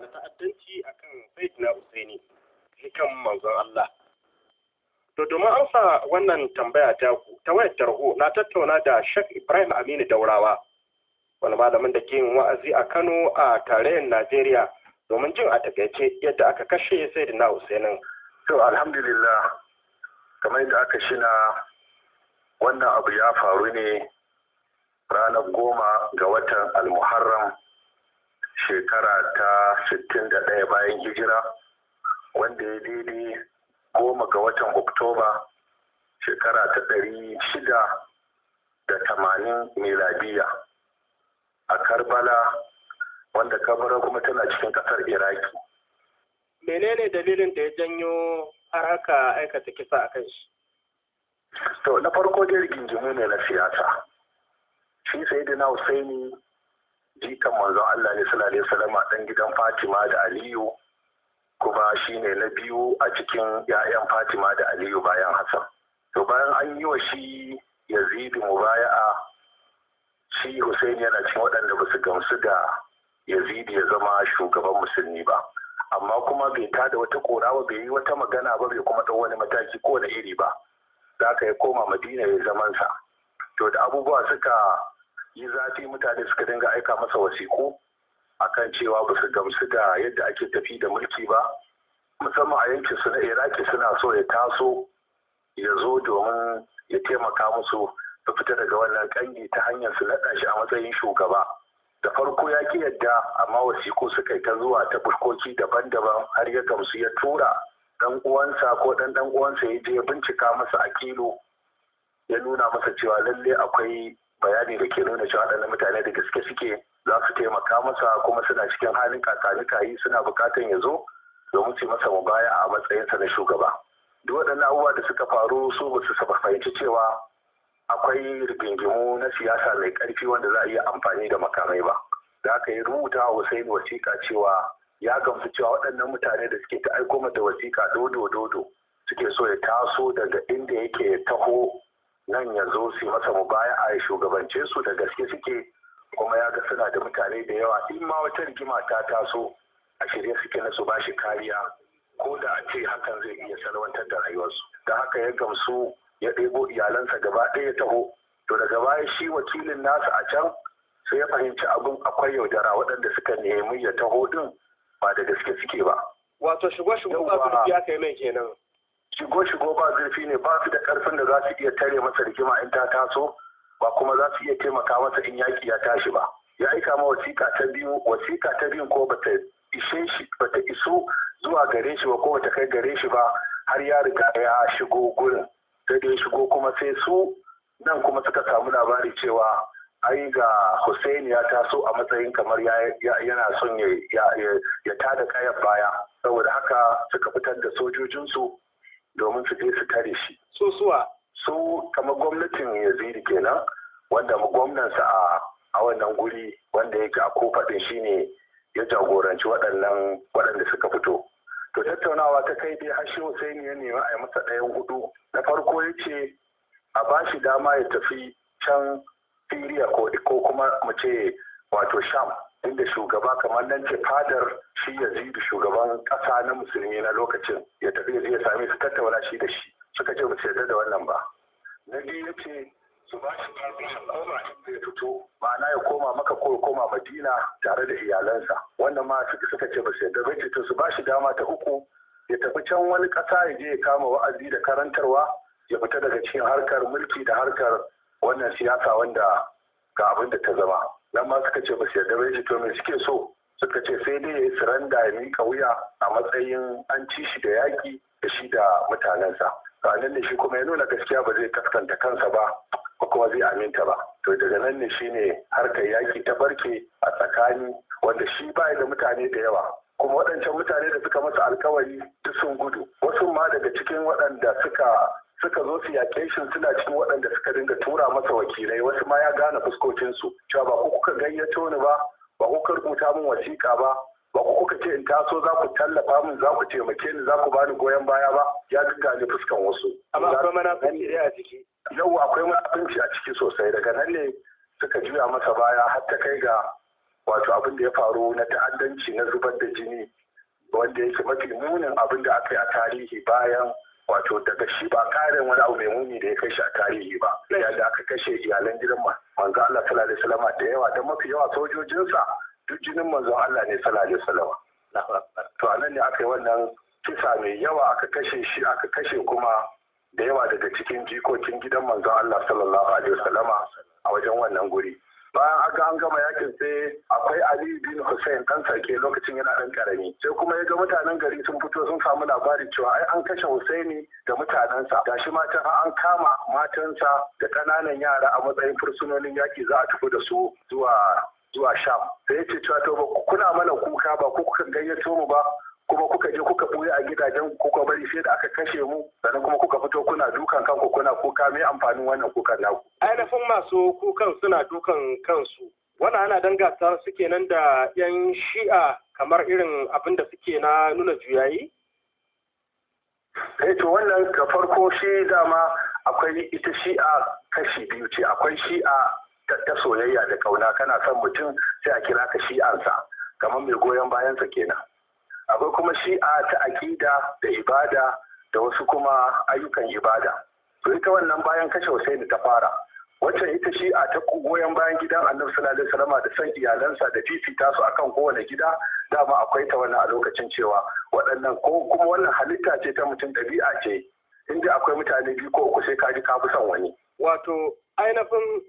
na ta'addanci akan Sayyidina Usaini hikan manzon Allah to domin amsa wannan tambaya ta ku ta wayar tarho na tattauna da Sheikh Ibrahim Aminu Daurawa wani malamin da ke yin wa'azi a Kano a tarayyar Najeriya domin jin a takaice yadda aka kashe Sayyidina Usainin to alhamdulillah kamar yadda aka shina wannan abu ya faru ne ranar goma ga watan al-muharram shekara ta 61 bayan hijira wanda ya daidai goma ga watan oktoba shekara ta ɗari shida da tamanin miladiya a karbala wanda kabara kuma tana cikin ƙasar iraki menene dalilin da ya janyo har haka aikata kisa a kan shi to na farko dai rigingimu ne na siyasa shi sai da na husaini jikan manzon Allah ne sallallahu alaihi wasallam dan gidan Fatima da Aliyu kuma shine na biyu a cikin ‘ya'yan Fatima da Aliyu bayan Hassan. To bayan an yi wa shi Yazid mubaya'a shi Hussein yana cikin waɗanda ba su gamsu da Yazid ya zama shugaban musulmi ba. Amma kuma bai ta da wata korawa bai yi wata magana ba bai kuma ɗau wani mataki ko da iri ba. Za ka ya koma Madina ya zamansa. To da abubuwa suka yi zafi mutane suka dinga aika masa wasiku akan cewa ba su gamsu da yadda ake tafi da mulki ba musamman a yankin su na iraki suna so ya taso ya zo domin ya taimaka musu su fita daga wannan kangi ta hanyar su naɗa shi a matsayin shugaba da farko ya ki yadda amma wasiku suka yi ta zuwa ta fuskoki daban-daban har ya gamsu ya tura dan uwansa ko dan dan uwansa ya je ya bincika masa a kilo ya nuna masa cewa lalle akwai bayani da ke nuna cewa waɗannan mutane da gaske suke za su taimaka masa kuma suna cikin halin kakanika yi suna bukatan ya zo domin su masa baya a matsayinsa na shugaba duk waɗannan abubuwa da suka faru su ba su fahimci cewa akwai rigingimu na siyasa mai ƙarfi wanda za a iya amfani da makamai ba da aka yi rubuta wa Hussein wasiƙa cewa ya gamsu cewa waɗannan mutane da suke ta aiko mata wasiƙa dodo dodo suke so ya taso daga inda yake taho nan ya zo su masa mubaya a shugabance su da gaske suke kuma ya ga suna da mutane da yawa in ma wata rigima ta taso a shirye suke na su bashi kariya ko da a ce hakan zai iya salwantar da rayuwarsu da haka ya gamsu ya ɗebo iyalansa gaba ɗaya ya taho to daga baya shi wakilin nasa a can sai ya fahimci abin akwai yaudara waɗanda suka nemi ya taho din ba da gaske suke ba wato shigo shigo ba ya kai mai kenan shigo shigo ba zurfi ne ba su da karfin da za su iya tare masa rigima in ta taso ba kuma za su iya taimaka masa in yaki ya tashi ba ya yi ma wasiƙa ta biyu wasiƙa ta biyu ko bata ishe shi bata iso zuwa gare shi ba ko bata kai gare shi ba har ya riga ya shigo gurin sai da ya shigo kuma sai su nan kuma suka samu labari cewa ai ga Hussein ya taso a matsayin kamar yana son ya tada kayan baya saboda haka suka fitar da sojojinsu je su tare shi so suwa su kamar gwamnatin yaziri kenan wanda gwamnansa a a wannan guri wanda ya ga kofa din shine ya jagoranci waɗannan waɗanda suka fito to tattaunawa ta kai dai har shi ne ya nemi a yi masa ɗayan hudu na farko ya ce a ba shi dama ya tafi can firiya ko kuma mu ce wato Sham inda shugaba kamar nan ce fadar shi ya da shugaban ƙasa na musulmi na lokacin ya tafi ya sami su tattauna shi da shi suka ce ba su yarda da wannan ba na biyu ya ce su ba shi permission koma inda ya fito ma'ana ya koma maka ko ya koma madina tare da iyalansa wannan ma suka ce ba su yarda ba to su ba shi dama ta uku ya tafi can wani ƙasa ya je ya kama wa'azi da karantarwa ya fita daga cikin harkar mulki da harkar wannan siyasa wanda ga abin da ta zama nan ma suka ce ba su yarda bai shi to me suke so suka ce sai dai ya yi suranda ya miƙa wuya a matsayin an ci shi da yaƙi da shi da mutanensa nan ne shi kuma ya nuna gaskiya ba zai kaskanta kansa ba ko kuma zai aminta ba to daga nan ne shi ne harkar yaƙi ta barke a tsakani wanda shi baya da mutane da yawa kuma waɗancan mutane da suka masa alkawari duk sun gudu wasu ma daga cikin waɗanda suka suka zo su yaƙe shi suna cikin waɗanda suka dinga tura masa wakilai wasu ma ya gane fuskokinsu cewa ba ku kuka gayyato ni ba ba kuka rubuta min wasiƙa ba ba ku kuka ce in taso za ku tallafa min za ku taimake ni za ku bani goyon baya ba ya gaggane fuskan wasu. Amma akwai manafinci a ciki. Yau akwai manafinci a ciki sosai daga nan ne suka juya masa baya har ta kai ga wato abin da ya faru na ta'addanci na zubar da jini wanda yake mafi munin abin da aka yi a tarihi bayan wato daga shi ba karin wani abu mai muni da ya kai shi a tarihi ba yadda aka kashe iyalan gidan manzo Allah sallallahu alaihi da yawa da mafi yawa sojojinsa duk jinin manzo Allah ne sallallahu alaihi wasallam to anan ne aka yi wannan kisa mai yawa aka kashe shi aka kashe kuma da yawa daga cikin jikokin gidan manzo Allah sallallahu alaihi wasallama a wajen wannan guri bayan aka an gama yakin sai akwai ali bin hussein dan sarki lokacin yana dan karami sai kuma ya ga mutanen gari sun fito sun samu labarin cewa ai an kashe husaini da mutanensa gashi ma an kama matansa da kananan yara a matsayin fursunonin yaki za a tafi da su zuwa zuwa sham sai ya ce cewa to ba kuna mana kuka ba ko kuka gayyato mu ba kuma kuka je kuka buya a gidajen kuka bari sai da aka kashe mu sannan kuma kuka fito kuna dukan kanku kuna kuka mai amfanin wannan kukan naku ainihin masu kukan suna dukan kansu wana ana ta suke nan da 'yan shi'a kamar irin abin da suke na nuna juyayi? Eh, to wannan ka farko shi dama akwai ita shi'a kashi biyu ce akwai shi'a ta soyayya da kauna kana son mutum sai a kira ka shi'ansa kamar mai goyon bayansa kenan akwai kuma shi'a ta akida da ibada da wasu kuma ayyukan ibada to ita wannan bayan kashe Hussein ta fara wacce ita shi a ta goyon bayan gidan annabi sallallahu alaihi wasallam da san iyalansa da fifita su akan kowane gida dama akwai ta wannan a lokacin cewa waɗannan ko kuma wannan halitta ce ta mutum ɗabi'a ce inda akwai mutane biyu ko uku sai ka ji ka fi son wani wato ainihin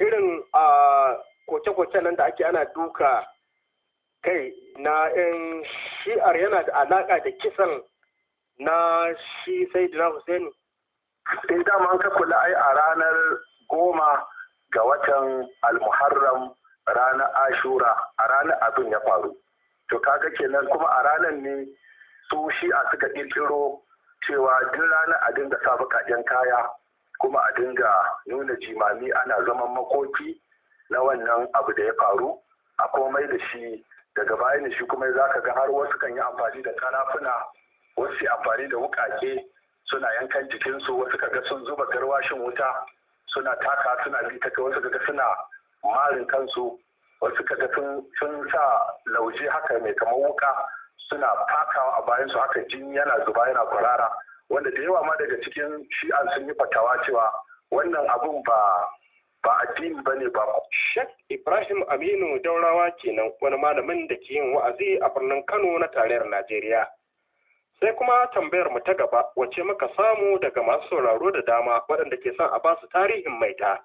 irin a koke-koke nan da ake ana duka kai na yan shi'ar yana da alaka da kisan na shi sai dina Hussaini. sai eh, dama an kula ai a ranar goma ga watan almuharram ranar ashura a ranar abin ya faru to kaga kenan kuma a ranar ne su shi a suka kirkiro cewa duk ranar a dinga sa baƙaƙen kaya kuma a dinga nuna jimami ana zaman makoki na wannan abu da ya faru a komai da shi daga bayan shi kuma za ka ga har wasu kan yi amfani da karafuna wasu amfani da wukake suna yankan jikinsu wasu kaga sun zuba garwashin wuta suna taka suna bi ta wasu daga suna marin kansu wasu kaga sun sa lauje haka mai kamar wuka suna fakawa a bayan su haka jini yana zuba yana kwarara wanda da yawa ma daga cikin shi'an sun yi fatawa cewa wannan abun ba ba addini ba ne ba. Shek Ibrahim Aminu Daurawa kenan wani malamin da ke yin wa'azi a birnin Kano na tarayyar Najeriya. sai kuma tambayar mu ta gaba wace muka samu daga masu sauraro da dama waɗanda ke son a basu tarihin maita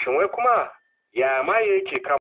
shin wai kuma yaya ma yake kama